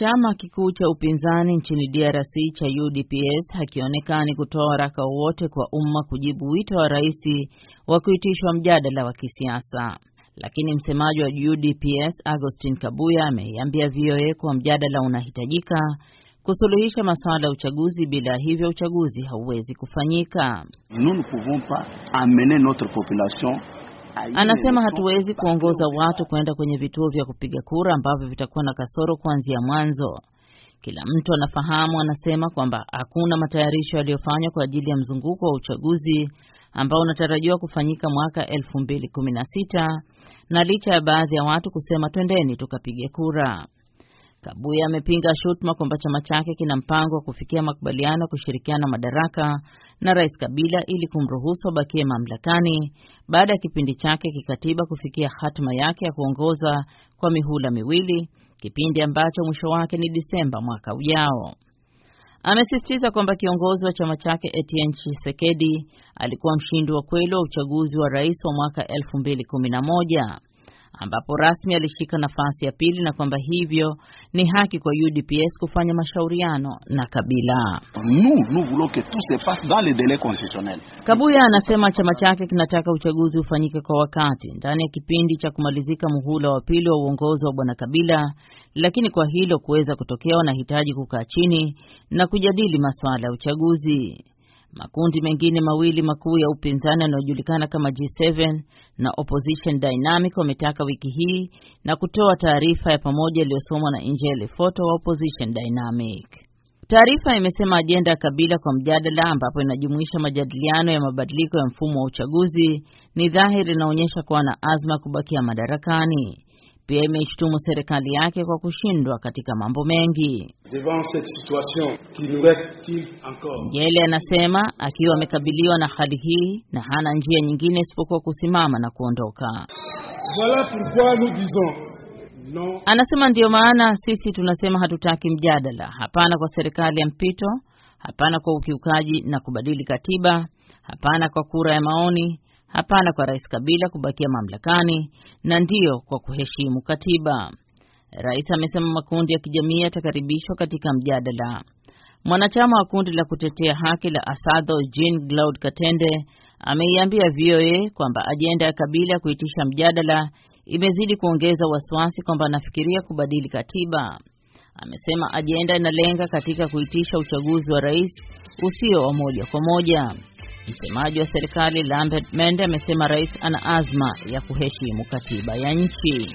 Chama kikuu cha upinzani nchini DRC cha UDPS hakionekani kutoa waraka wowote kwa umma kujibu wito wa rais wa kuitishwa mjadala wa kisiasa. Lakini msemaji wa UDPS Augustin Kabuya ameiambia VOA kuwa mjadala unahitajika kusuluhisha masuala ya uchaguzi, bila hivyo uchaguzi hauwezi kufanyika. Nous ne pouvons pas amener notre population Anasema hatuwezi kuongoza watu kwenda kwenye vituo vya kupiga kura ambavyo vitakuwa na kasoro kuanzia mwanzo. Kila mtu anafahamu, anasema kwamba hakuna matayarisho yaliyofanywa kwa ajili ya mzunguko wa uchaguzi ambao unatarajiwa kufanyika mwaka 2016 na licha ya baadhi ya watu kusema twendeni tukapige kura. Kabuya amepinga shutuma kwamba chama chake kina mpango wa kufikia makubaliano ya kushirikiana madaraka na Rais Kabila ili kumruhusu abakie mamlakani baada ya kipindi chake kikatiba kufikia hatima yake ya kuongoza kwa mihula miwili, kipindi ambacho mwisho wake ni Disemba mwaka ujao. Amesisitiza kwamba kiongozi wa chama chake Etienne Tshisekedi alikuwa mshindi wa kweli wa uchaguzi wa rais wa mwaka 2011 ambapo rasmi alishika nafasi ya pili na kwamba hivyo ni haki kwa UDPS kufanya mashauriano na Kabila. Kabuya anasema chama chake kinataka uchaguzi ufanyike kwa wakati ndani ya kipindi cha kumalizika muhula wa pili wa uongozi wa bwana Kabila, lakini kwa hilo kuweza kutokea wanahitaji kukaa chini na kujadili masuala ya uchaguzi. Makundi mengine mawili makuu ya upinzani yanayojulikana kama G7 na Opposition Dynamic wametaka wiki hii na kutoa taarifa ya pamoja iliyosomwa na Njele Foto wa Opposition Dynamic. Taarifa imesema ajenda ya Kabila kwa mjadala ambapo inajumuisha majadiliano ya mabadiliko ya mfumo wa uchaguzi ni dhahiri inaonyesha kuwa na azma kubakia madarakani pia imeishutumu serikali yake kwa kushindwa katika mambo mengi. Jele anasema akiwa amekabiliwa na hali hii na hana njia nyingine isipokuwa kusimama na kuondoka. Voilà pourquoi nous disons No. Anasema ndiyo maana sisi tunasema hatutaki mjadala, hapana kwa serikali ya mpito, hapana kwa ukiukaji na kubadili katiba, hapana kwa kura ya maoni, hapana kwa Rais Kabila kubakia mamlakani na ndiyo kwa kuheshimu katiba. Rais amesema makundi ya kijamii yatakaribishwa katika mjadala. Mwanachama wa kundi la kutetea haki la Asadho Jean Claude Katende ameiambia VOA kwamba ajenda ya Kabila ya kuitisha mjadala imezidi kuongeza wasiwasi kwamba anafikiria kubadili katiba. Amesema ajenda inalenga katika kuitisha uchaguzi wa rais usio wa moja kwa moja. Msemaji wa serikali Lambert Mende amesema rais ana azma ya kuheshimu katiba ya nchi.